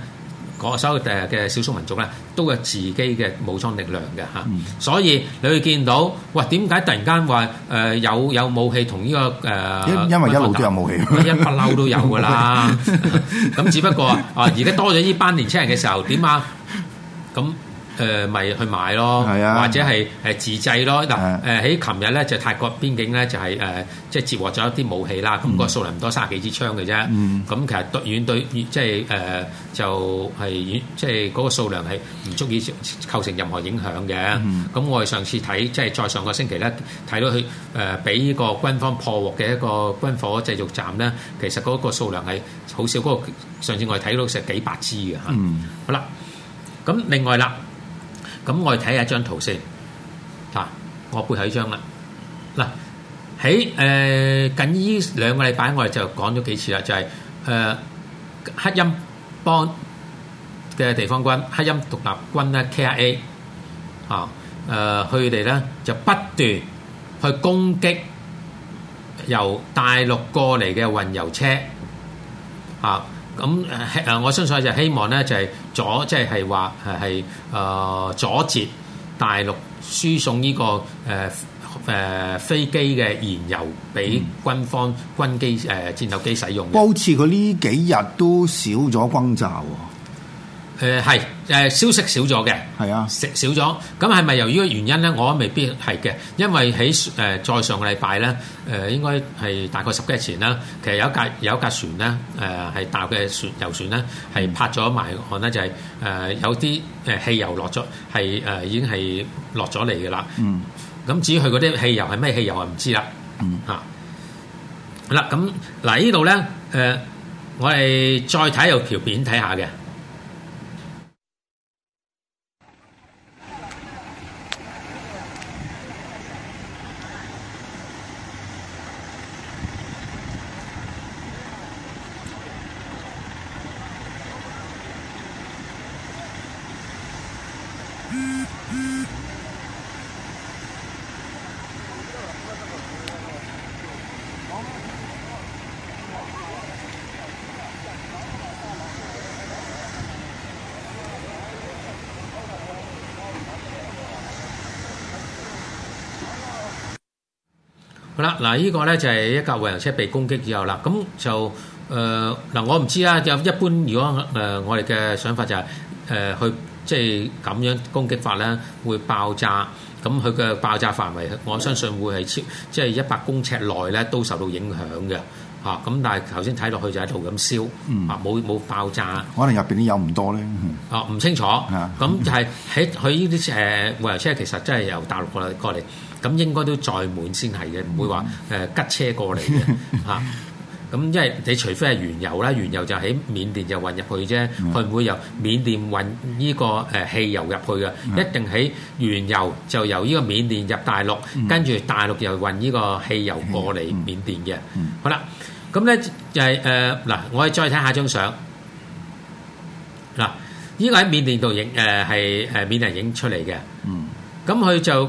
所有誒嘅少數民族咧，都有自己嘅武裝力量嘅嚇、嗯，所以你會見到，喂，點解突然間話誒有有武器同呢、這個誒？因、呃、因為一路都有武器，啊、 一不嬲都有㗎啦。咁、 啊、只不過啊，而家多咗呢班年輕人嘅時候，點啊咁？誒咪去買咯，係啊，或者係誒自製咯。嗱誒喺琴日咧就泰國邊境咧就係誒即係截獲咗一啲武器啦。咁個數量唔多，卅幾支槍嘅啫。咁其實遠遠對即係誒就係遠即係嗰個數量係唔足以構成任何影響嘅。咁我哋上次睇即係再上個星期咧睇到佢誒俾呢個軍方破獲嘅一個軍火製造站咧，其實嗰個數量係好少。嗰個上次我哋睇到成幾百支嘅嚇。好啦，咁另外啦。咁我哋睇下張圖先嚇，我背後呢張啦。嗱喺誒近呢兩個禮拜，我哋就講咗幾次啦，就係誒克欽邦嘅地方軍、克欽獨立軍咧 （KIA） 啊，誒佢哋咧就不斷去攻擊由大陸過嚟嘅運油車啊。咁、嗯、我相信就希望咧，就係、是就是呃、阻即係話係阻截大陸輸送呢、這個誒誒、呃呃、飛機嘅燃油俾軍方軍機誒、嗯、戰鬥機使用。好似佢呢幾日都少咗轟炸喎、哦。誒係誒消息少咗嘅，係啊，食少咗，咁係咪由於個原因咧？我未必係嘅，因為喺誒再上個禮拜咧，誒、呃、應該係大概十幾日前啦。其實有一架有一架船咧，誒係搭嘅船遊船咧，係泊咗埋岸咧，就係、是、誒、呃、有啲誒汽油落咗，係誒、呃、已經係落咗嚟嘅啦。嗯，咁至於佢嗰啲汽油係咩汽油啊？唔知啦。嗯啊，好啦，咁嗱呢度咧誒，我哋再睇有條片睇下嘅。好啦，嗱，依個咧就係一架燃油車被攻擊之後啦，咁就誒嗱、呃，我唔知啦。有一般如果誒、呃、我哋嘅想法就係誒去即係咁樣攻擊法咧，會爆炸。咁佢嘅爆炸範圍，我相信會係超即係一百公尺內咧都受到影響嘅嚇。咁但係頭先睇落去就喺度咁燒啊，冇冇、嗯、爆炸？可能入邊啲油唔多咧。啊、哦，唔清楚。咁 就係喺佢呢啲誒燃油車，其實真係由大陸過嚟過嚟。咁應該都載滿先係嘅，唔會話誒吉車過嚟嘅嚇。咁因為你除非係原油啦，原油就喺緬甸就運入去啫，佢唔會由緬甸運依個誒汽油入去嘅？一定喺原油就由依個緬甸入大陸，跟住大陸又運依個汽油過嚟緬甸嘅。好啦，咁咧就係誒嗱，我哋再睇下張相嗱，依個喺緬甸度影誒係誒緬甸人影出嚟嘅。嗯，咁佢就。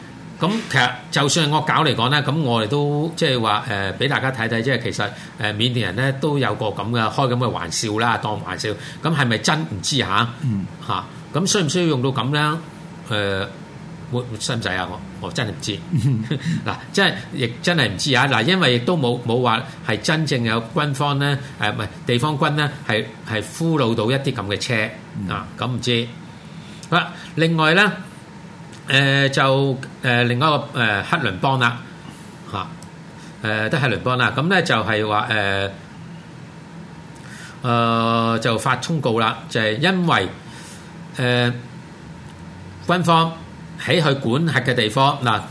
咁其實就算惡搞嚟講咧，咁我哋都即係話誒，俾大家睇睇，即係其實誒緬甸人咧都有個咁嘅開咁嘅玩笑啦，當玩笑。咁係咪真唔知嚇？嚇咁需唔需要用到咁咧？誒，會使唔使啊？我我真係唔知。嗱，即係亦真係唔知啊！嗱，因為亦都冇冇話係真正有軍方咧，誒唔係地方軍咧，係係俘虜到一啲咁嘅車啊，咁唔知。好啦，另外咧。誒就誒另外一個誒克倫邦啦，嚇誒都係倫邦啦。咁咧就係話誒誒就發通告啦，就係因為誒軍方喺佢管轄嘅地方嗱，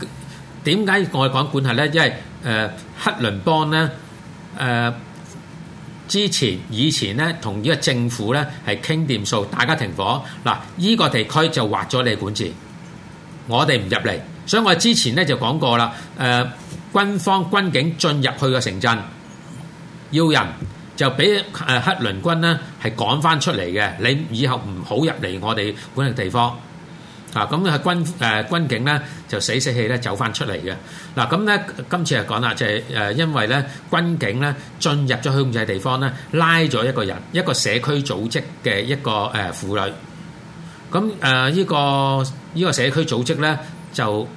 點解我哋講管轄咧？因為誒克倫邦咧誒之前以前咧同呢個政府咧係傾掂數，大家停火嗱。依個地區就劃咗你管治。我哋唔入嚟，所以我之前咧就講過啦。誒，軍方軍警進入去個城鎮，要人就俾誒克倫軍咧係趕翻出嚟嘅。你以後唔好入嚟我哋管轄地方啊！咁啊軍誒軍警咧就死死氣咧走翻出嚟嘅。嗱咁咧今次又講啦，就係誒因為咧軍警咧進入咗控制地方咧，拉咗一個人，一個社區組織嘅一個誒婦女。咁誒呢個。呢個社區組織咧就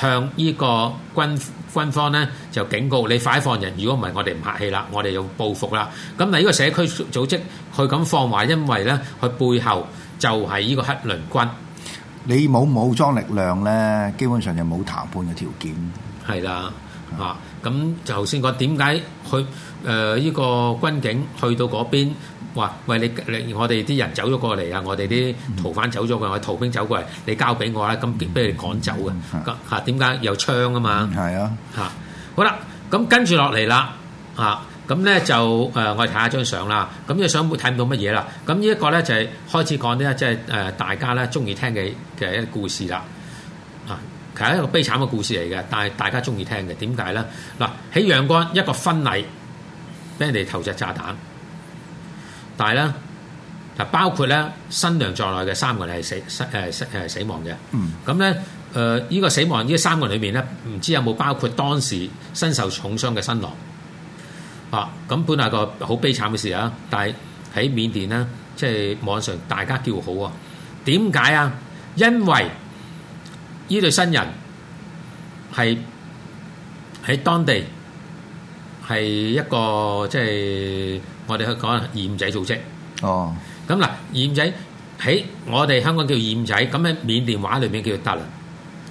向呢個軍軍方咧就警告：你快放人！如果唔係，我哋唔客氣啦，我哋要報復啦。咁但係呢個社區組織佢咁放話，因為咧佢背後就係呢個黑聯軍。你冇武裝力量咧，基本上就冇談判嘅條件。係啦，嚇！咁就頭先講點解佢誒呢個軍警去到嗰邊？話喂，你你我哋啲人走咗過嚟啊！我哋啲逃犯走咗過嚟，我哋逃兵走過嚟，你交俾我啦！咁俾你趕走嘅，點解有槍啊嘛？係、嗯、啊，啊，好啦，咁跟住落嚟啦，咁、啊、咧就誒、呃，我哋睇下張相啦。咁呢個相冇睇唔到乜嘢啦。咁呢一個咧就係、是、開始講啲咧，即、就、係、是呃、大家咧中意聽嘅嘅一故事啦。啊，其實係一個悲慘嘅故事嚟嘅，但係大家中意聽嘅點解咧？嗱，喺、啊、陽光，一個婚禮俾人哋投著炸彈。但係咧，嗱包括咧新娘在內嘅三個人係死、死誒死誒死亡嘅。嗯。咁咧，誒依個死亡依三個人裏面咧，唔知有冇包括當時身受重傷嘅新郎？啊！咁本嚟個好悲慘嘅事啊，但係喺緬甸咧，即係網上大家叫好啊。點解啊？因為依對新人係喺當地係一個即係。我哋去講二五仔組織。哦、oh.，咁嗱，二五仔喺我哋香港叫二五仔，咁喺緬甸話裏邊叫達輪。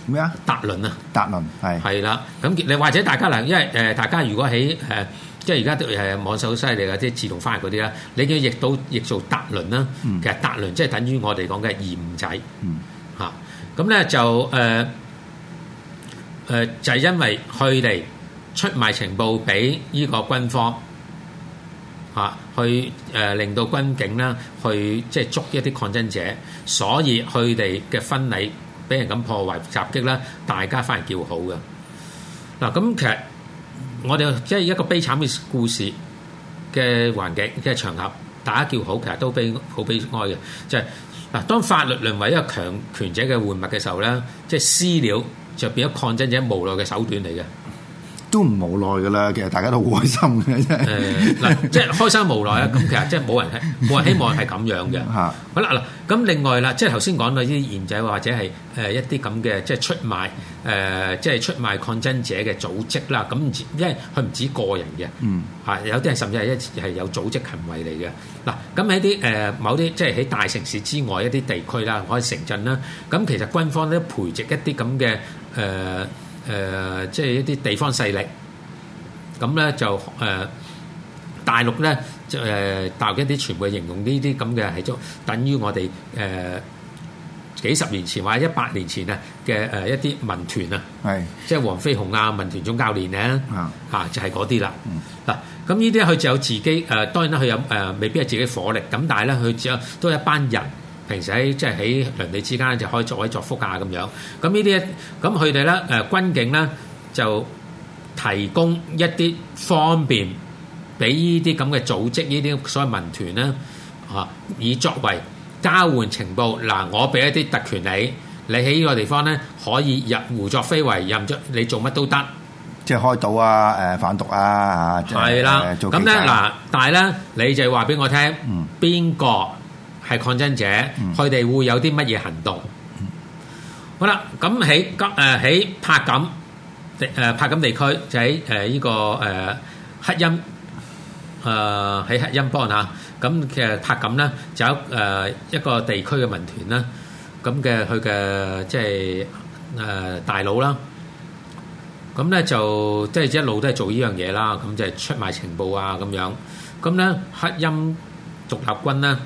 咩啊？達輪啊？達輪係係啦。咁你或者大家嗱，因為、呃、大家如果喺誒，即係而家誒網搜犀利啦，即係自動翻譯嗰啲啦，你譯到譯做達輪啦。其實達輪即係等於我哋講嘅二五仔。咁、mm. 咧、嗯、就誒、呃呃、就係、是、因為佢哋出賣情報俾呢個軍方。嚇，去誒令到軍警啦，去即係捉一啲抗爭者，所以佢哋嘅婚禮俾人咁破壞襲擊啦，大家反而叫好嘅。嗱，咁其實我哋即係一個悲慘嘅故事嘅環境嘅場合，大家叫好其實都悲好悲哀嘅，就係嗱，當法律淪為一個強權者嘅玩物嘅時候咧，即係私了就變咗抗爭者無奈嘅手段嚟嘅。都唔無奈㗎啦，其實大家都好開心嘅啫。誒嗱，即係開心無奈啊！咁其實即係冇人，冇人希望係咁樣嘅嚇。好啦嗱，咁另外啦，即係頭先講到啲二五仔或者係誒一啲咁嘅，即係出賣誒，即係出賣抗爭者嘅組織啦。咁因為佢唔止個人嘅，嗯嚇，有啲人甚至係一係有組織行為嚟嘅。嗱，咁喺啲誒某啲即係喺大城市之外一啲地區啦，或者城鎮啦，咁其實軍方咧培植一啲咁嘅誒。誒、呃，即係一啲地方勢力，咁咧就誒大陸咧就誒，大陸一啲全部形容呢啲咁嘅係作，等於我哋誒、呃、幾十年前或者一百年前啊嘅誒一啲民團啊，係即係黃飛鴻啊民團總教練咧，啊就係嗰啲啦，嗱咁呢啲佢就有自己誒、呃，當然啦佢有誒、呃，未必係自己火力，咁但係咧佢只有都係一班人。平時喺即係喺鄰里之間就可以作威作福啊，咁樣，咁呢啲咁佢哋咧誒軍警咧就提供一啲方便俾呢啲咁嘅組織、呢啲所謂民團咧嚇，以作為交換情報。嗱，我俾一啲特權你，你喺呢個地方咧可以任胡作非為，任咗你做乜都得，即係開賭啊，誒販毒啊嚇，係啦。咁咧嗱，但係咧你就話俾我聽，邊個？係抗爭者，佢哋會有啲乜嘢行動？好啦，咁喺吉誒喺柏錦地誒柏錦地區，就喺誒呢個誒黑陰誒喺黑陰邦嚇。咁其實柏錦咧，就有誒一個地區嘅民團啦。咁嘅佢嘅即係誒大佬啦。咁咧就即係一路都係做呢樣嘢啦。咁就係出賣情報啊咁樣。咁咧黑陰獨立軍咧。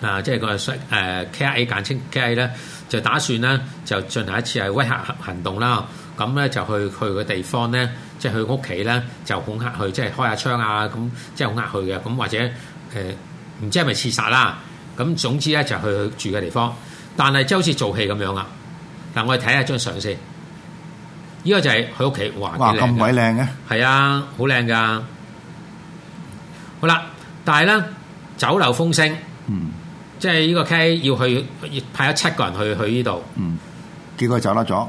啊，即係個誒 KIA 簡稱 KIA 咧，就打算咧就進行一次係威嚇行動啦。咁咧就去去個地方咧，即係去屋企咧就恐嚇佢，即係開下槍啊咁，即係恐嚇佢嘅，咁或者誒唔、呃、知係咪刺殺啦。咁總之咧就去佢住嘅地方，但係即係好似做戲咁樣啊！嗱，我哋睇下張相先。呢、呢個就係佢屋企，哇！哇！咁鬼靚嘅，係啊，好靚㗎。好啦，但係咧酒樓風聲，嗯。即係呢個 K 要去派咗七個人去去呢度，嗯，結果走甩咗。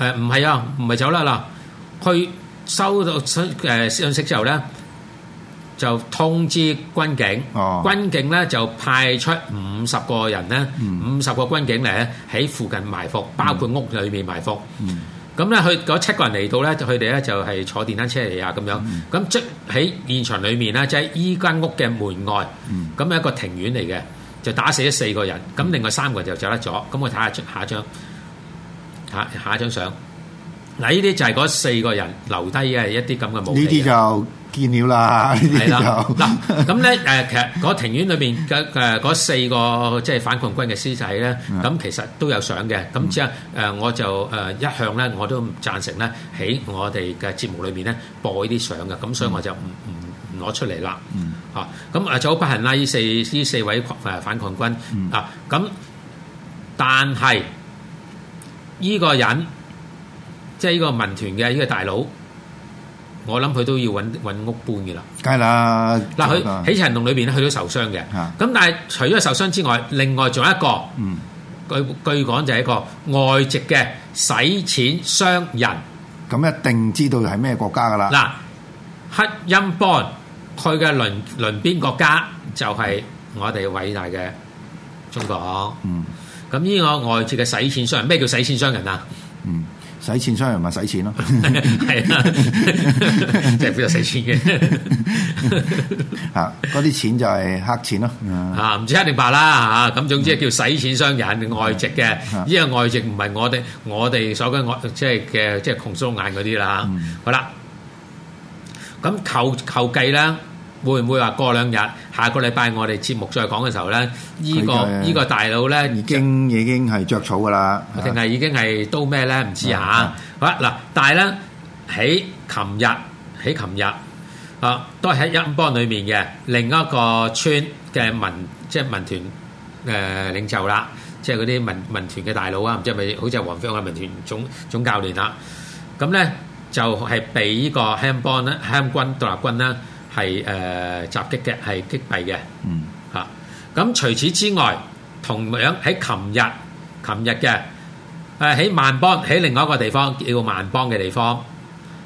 誒，唔係啊，唔係走甩啦。佢收到誒消息之後咧，就通知軍警，哦，軍警咧就派出五十個人咧，五十個軍警嚟咧喺附近埋伏，包括屋裏面埋伏。咁咧，佢嗰七個人嚟到咧，佢哋咧就係坐電單車嚟啊，咁樣咁即喺現場裡面咧，即係依間屋嘅門外，咁係一個庭院嚟嘅。就打死咗四個人，咁另外三個人就走得咗。咁我睇下張下一張，下下一張相。嗱，依啲就係嗰四個人留低嘅一啲咁嘅武器。呢啲就見了啦。係啦。嗱，咁咧誒，其實嗰庭院裏面嘅誒嗰四個即係反共軍嘅屍仔咧，咁其實都有相嘅。咁之後誒，我就誒一向咧我都唔贊成咧喺我哋嘅節目裏面咧播依啲相嘅。咁所以我就唔唔。攞出嚟啦嚇！咁啊，就好不幸啦！依四依四位誒反抗軍啊，咁但係依個人即係依個民團嘅依個大佬，我諗佢都要揾揾屋搬嘅啦。梗係啦，嗱佢喺行動裏邊咧，佢都受傷嘅。咁但係除咗受傷之外，另外仲有一個，據據講就係一個外籍嘅洗錢商人，咁一定知道係咩國家㗎啦。嗱，克欽邦。佢嘅鄰鄰邊國家就係我哋偉大嘅中國。嗯，咁呢個外籍嘅洗錢商人，咩叫洗錢商人啊？嗯，洗錢商人咪洗錢咯，係啊，即係邊度洗錢嘅？吓、 啊，嗰啲錢就係黑錢咯、啊。啊，唔知黑定白啦吓。咁、啊、總之叫洗錢商人，嗯、外籍嘅。呢個外籍唔係我哋、嗯、我哋所講外即係嘅即係窮蘇眼嗰啲啦吓。好啦。咁求求計啦，會唔會話過兩日、下個禮拜我哋節目再講嘅時候咧，依個依個大佬咧已經已經係著草噶啦，定係已經係都咩咧？唔知嚇。好啦，嗱，但係咧喺琴日喺琴日啊，都係喺一邦裏面嘅另一個村嘅民即係民團誒領袖啦，即係嗰啲民民團嘅大佬啊，唔知係咪好似係黃飛鴻嘅民團總總教練啦？咁咧。就係被依個香邦咧、香軍獨立軍咧係誒襲擊嘅，係擊斃嘅。嗯，嚇。咁除此之外，同樣喺琴日、琴日嘅誒喺萬邦喺另外一個地方叫萬邦嘅地方，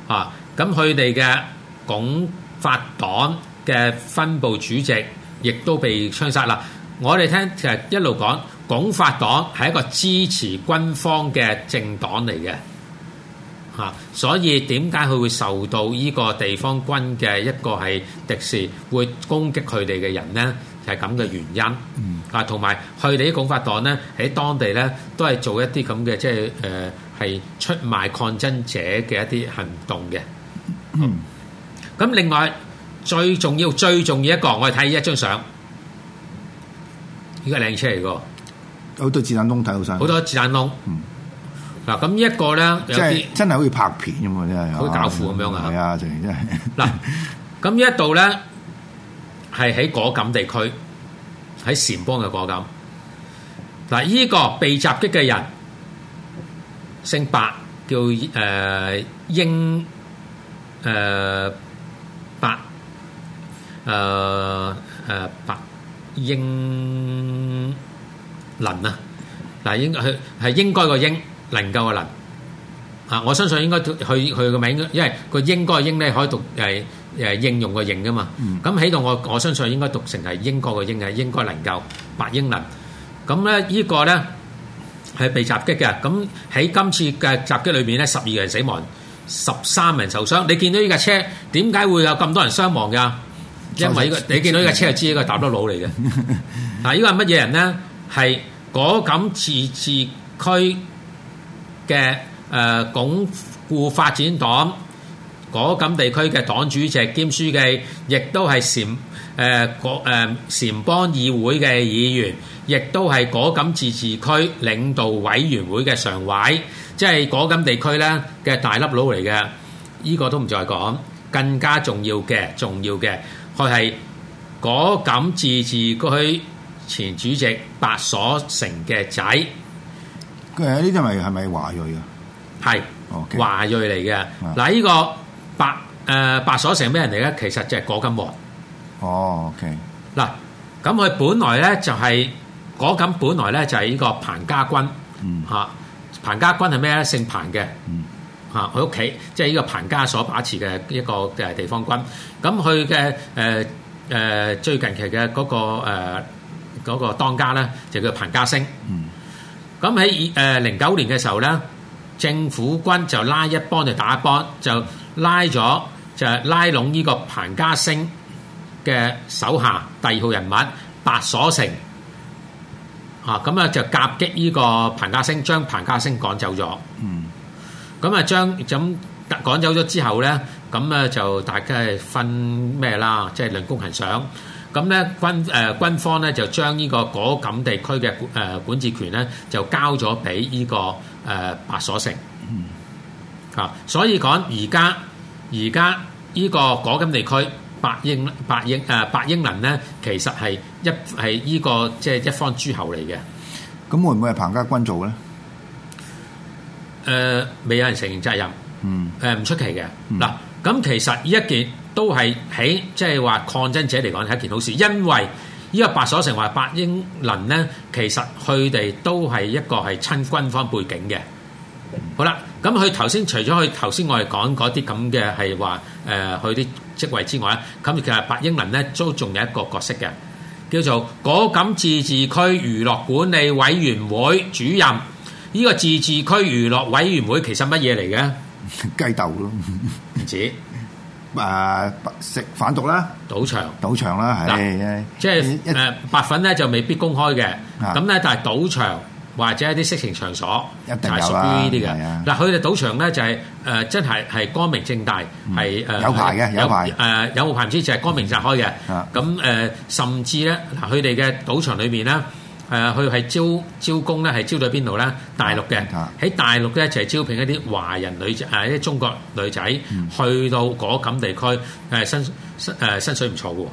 啊，咁佢哋嘅拱法黨嘅分部主席亦都被槍殺啦。我哋聽就係一路講拱法黨係一個支持軍方嘅政黨嚟嘅。嚇！所以點解佢會受到依個地方軍嘅一個係敵視，會攻擊佢哋嘅人咧？就係咁嘅原因。嗯。啊，同埋佢哋啲鞏發黨咧喺當地咧都係做一啲咁嘅，即係誒係出賣抗爭者嘅一啲行動嘅。嗯。咁另外最重要最重要一個，我哋睇一張相，依個靚車嚟㗎，好多子彈窿睇好曬，好多子彈窿。嗯。嗱，咁呢一個咧，即係真係好似拍片咁啊！真係好似搞富咁樣啊！係啊，仲要真係嗱，咁呢一度咧係喺果敢地區，喺撣邦嘅果敢。嗱，呢個被襲擊嘅人姓白，叫誒英誒白誒誒白英能啊！嗱，應該係係應該個英。能夠嘅，能啊！我相信應該佢佢個名，因為個應該應咧可以讀係誒應用個應噶嘛。咁喺度，我我相信應該讀成係英國嘅英係應該能夠白英能咁咧。依個咧係被襲擊嘅。咁喺今次嘅襲擊裏面咧，十二人死亡，十三人受傷。你見到依架車點解會有咁多人傷亡嘅？因為依個你見到依架車就知依個大碌佬嚟嘅。嗱，依個係乜嘢人咧？係果敢自治區。嘅誒，鞏固發展黨果敢地區嘅黨主席兼書記，亦都係撣誒果誒撣邦議會嘅議員，亦都係果敢自治區領導委員會嘅常委，即係果敢地區咧嘅大粒佬嚟嘅。呢個都唔再講，更加重要嘅重要嘅，佢係果敢自治區前主席白所成嘅仔。呢啲咪係咪華裔，是 okay，華裔來的啊？係華裔嚟嘅。嗱，呢個白誒、呃、白所成咩人嚟咧？其實就係果敢王」哦。哦，OK。嗱，咁佢本來咧就係果敢，本來咧就係呢個彭家軍。嗯。啊、彭家軍係咩咧？姓彭嘅。嗯。佢屋企即係呢個彭家所把持嘅一個誒地方軍。咁佢嘅誒誒最近期嘅嗰、那個誒嗰、呃那個、當家咧，就叫彭家聲。嗯。咁喺誒零九年嘅時候咧，政府軍就拉一幫就打一幫，就拉咗就拉攏呢個彭家聲嘅手下第二號人物白所成。啊，咁啊就夾擊呢個彭家聲，將彭家聲趕走咗。嗯。咁啊，將咁趕走咗之後咧，咁咧就大家係分咩啦？即係論功行賞。咁咧軍誒、呃、軍方咧就將呢個果敢地區嘅誒、呃、管治權咧就交咗俾呢個誒、呃、白所成啊，所以講而家而家呢個果敢地區白英白英誒白英倫咧，呃、其實係一係呢、這個即係、就是、一方諸侯嚟嘅。咁會唔會係彭家軍做咧？誒、呃，未有人承認責任。嗯、呃。誒，唔出奇嘅。嗱，咁其實呢一件。都係喺即係話抗爭者嚟講係一件好事，因為依個白所成話白英麟咧，其實佢哋都係一個係親軍方背景嘅。好啦，咁佢頭先除咗佢頭先我哋講嗰啲咁嘅係話誒佢啲職位之外咧，咁其實白英麟咧都仲有一個角色嘅，叫做果敢自治區娛樂管理委員會主任。依個自治區娛樂委員會其實乜嘢嚟嘅？雞竇咯，唔知。誒，食販毒啦，賭場，賭場啦，係。即係誒，白粉咧就未必公開嘅。咁咧，但係賭場或者一啲色情場所，一定有啊。就係屬於呢啲嘅。係啊。嗱，佢哋賭場咧就係誒，真係係光明正大，係誒有牌嘅，有牌誒有冇牌唔知，就係光明曬開嘅。咁誒，甚至咧，嗱，佢哋嘅賭場裏面咧。誒，佢係招招工咧，係招到邊度咧？大陸嘅喺大陸咧，就係招聘一啲華人女誒，一啲中國女仔去到嗰咁地區誒，薪薪誒薪水唔錯嘅喎。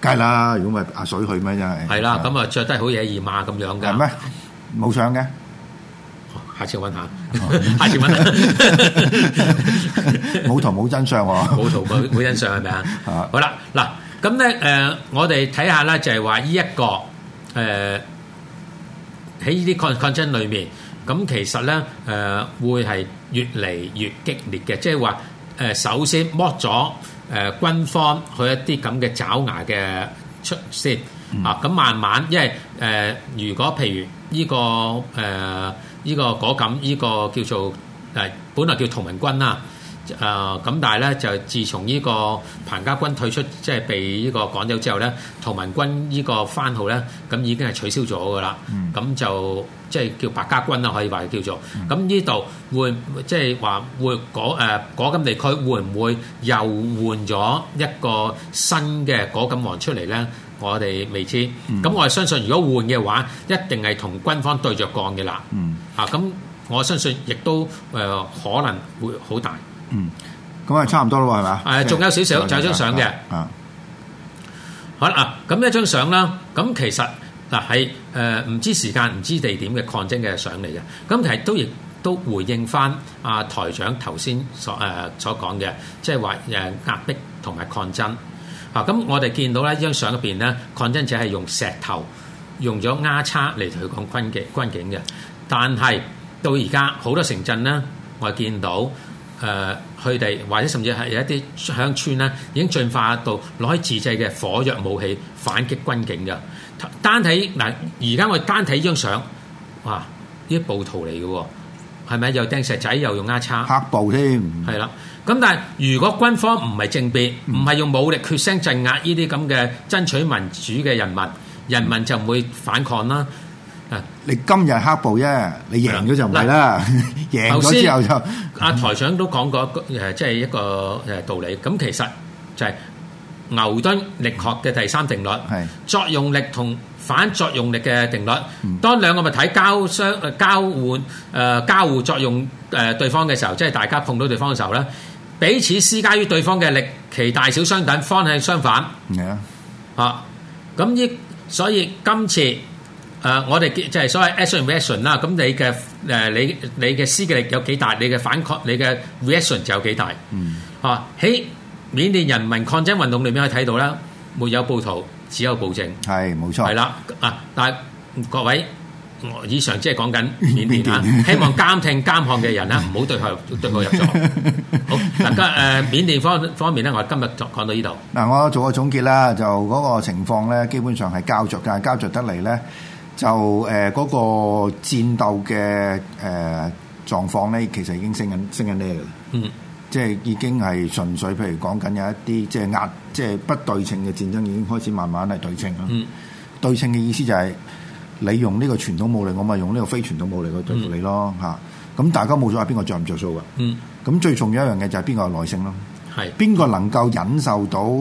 梗係啦，如果唔係阿水去咩真係？係啦，咁啊著得好嘢二碼咁樣嘅。咩冇相嘅？下次我問下，下次問下。冇圖冇真相喎。冇圖冇冇真相係咪啊？好啦，嗱咁咧誒，我哋睇下啦，就係話呢一個誒。喺呢啲抗爭裏面，咁其實咧誒會係越嚟越激烈嘅。即係話誒首先剝咗誒軍方佢一啲咁嘅爪牙嘅出線啊，咁慢慢因為誒如果譬如呢個誒呢個果敢呢個叫做誒本來叫同盟軍啊。誒咁，但係咧就自從依個彭家軍退出，即係被依個趕走之後咧，陶文軍依個番號咧，咁已經係取消咗㗎啦。咁就即係叫白家軍啦，可以話叫做。咁依度會即係話會果誒果敢地區，會唔會又換咗一個新嘅果敢王出嚟咧？我哋未知。咁我係相信，如果換嘅話，一定係同軍方對著幹嘅啦。啊，咁我相信亦都誒可能會好大。嗯，咁啊，差唔多咯，係嘛？誒，仲有少少就係張相嘅。啊，好啦，嗱，咁呢張相啦，咁其實嗱係誒唔知時間、唔知地點嘅抗爭嘅相嚟嘅。咁其實都亦都回應翻阿台長頭先所誒所講嘅，即係話誒壓迫同埋抗爭啊。咁我哋見到咧，呢張相入邊咧，抗爭者係用石頭、用咗牙叉嚟同佢講軍警軍警嘅。但係到而家好多城鎮咧，我見到。誒、呃，佢哋或者甚至係有一啲鄉村啦，已經進化到攞啲自製嘅火藥武器反擊軍警嘅。單睇嗱，而家我哋單睇張相，哇！呢啲暴徒嚟嘅喎，係咪又掟石仔，又用丫叉？黑暴添。係啦，咁但係如果軍方唔係政變，唔係用武力血腥鎮壓呢啲咁嘅爭取民主嘅人民，人民就唔會反抗啦。你今日黑暴啫，你贏咗就唔係啦。是的 贏咗之後就阿台長都講過，誒即係一個誒道理。咁其實就係牛頓力學嘅第三定律，係作用力同反作用力嘅定律。嗯、當兩個物體交相誒交換誒交互作用誒對方嘅時候，即係大家碰到對方嘅時候咧，彼此施加於對方嘅力，其大小相等，方向相反。係啊，啊咁亦所以今次。誒，我哋即係所謂 action reaction 啦。咁你嘅誒，你你嘅思記力有幾大，你嘅反抗，你嘅 reaction 就有幾大。嗯。啊，喺緬甸人民抗爭運動裏面可以睇到啦，沒有暴徒，只有暴政。係，冇錯。係啦。啊，但係各位，我以上即係講緊緬甸啊。希望監聽監看嘅人啦，唔好對佢對佢入座。好，嗱家誒緬甸方方面咧，我今日就講到呢度。嗱，我做個總結啦，就嗰個情況咧，基本上係膠着嘅，膠着得嚟咧。就誒嗰、呃那個戰鬥嘅誒、呃、狀況咧，其實已經升緊升緊呢嘅，嗯，即係已經係純粹，譬如講緊有一啲即係壓，即係不對稱嘅戰爭已經開始慢慢係對稱啦。嗯，對稱嘅意思就係、是、你用呢個傳統武力，我咪用呢個非傳統武力去對付你咯，嚇。咁大家冇咗話邊個着唔着數㗎？嗯。咁、嗯、最重要一樣嘢就係邊個有耐性咯，係邊個能夠忍受到？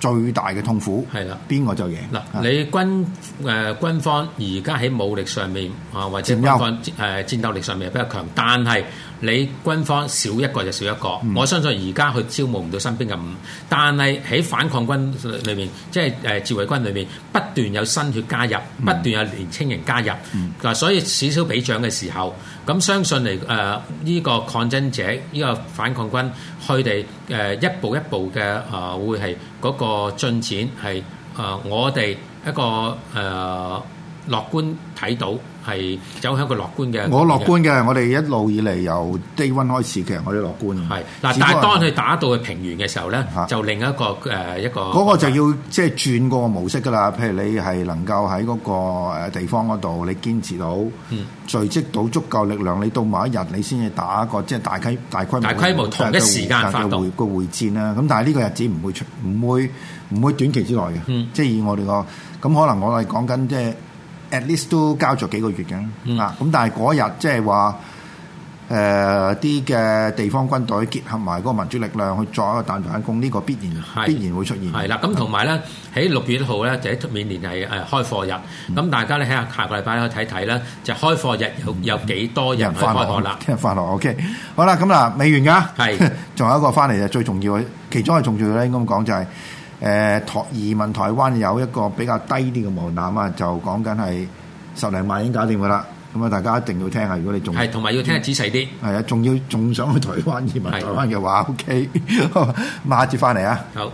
最大嘅痛苦係啦，邊個就贏？嗱，你軍、呃、軍方而家喺武力上面啊，或者軍方誒、呃、戰鬥力上面比較強，但係你軍方少一個就少一個，嗯、我相信而家佢招募唔到身邊嘅五，但係喺反抗軍裏面，即係、呃、自衛軍裏面不斷有新血加入，不斷有年青人加入，嗱、嗯嗯，所以此消彼長嘅時候。咁相信嚟誒呢個抗爭者，呢個反抗軍，佢哋誒一步一步嘅誒會係嗰個進展係誒我哋一個誒樂觀睇到。係走向個樂觀嘅，我樂觀嘅。我哋一路以嚟由低溫開始嘅，我哋樂觀。係嗱，但係當佢打到去平原嘅時候咧，就另一個誒一個嗰個就要即係轉嗰個模式㗎啦。譬如你係能夠喺嗰個誒地方嗰度，你堅持到聚積到足夠力量，你到某一日你先至打個即係大規模大規模同一時間發動嘅會嘅會戰啦。咁但係呢個日子唔會出，唔會唔會短期之內嘅。嗯，即係以我哋個咁可能我哋講緊即係。at least 都交咗幾個月嘅，啊，咁但係嗰日即係話，誒啲嘅地方軍隊結合埋嗰個民主力量去作一個反反攻，呢個必然，必然會出現。係啦，咁同埋咧，喺六月一號咧就喺緬甸係誒開課日，咁大家咧喺下下個禮拜去睇睇啦，就開課日有有幾多人翻學啦？聽日翻學，OK，好啦，咁嗱，未完㗎，係，仲有一個翻嚟就最重要嘅，其中一個最重要咧，應該講就係。誒、呃、託移民台灣有一個比較低啲嘅門檻啊，就講緊係十零萬已經搞掂㗎啦。咁啊，大家一定要聽下，如果你仲係同埋要聽仔細啲，係啊，仲要仲想去台灣移民台灣嘅話，OK，馬上翻嚟啊！好。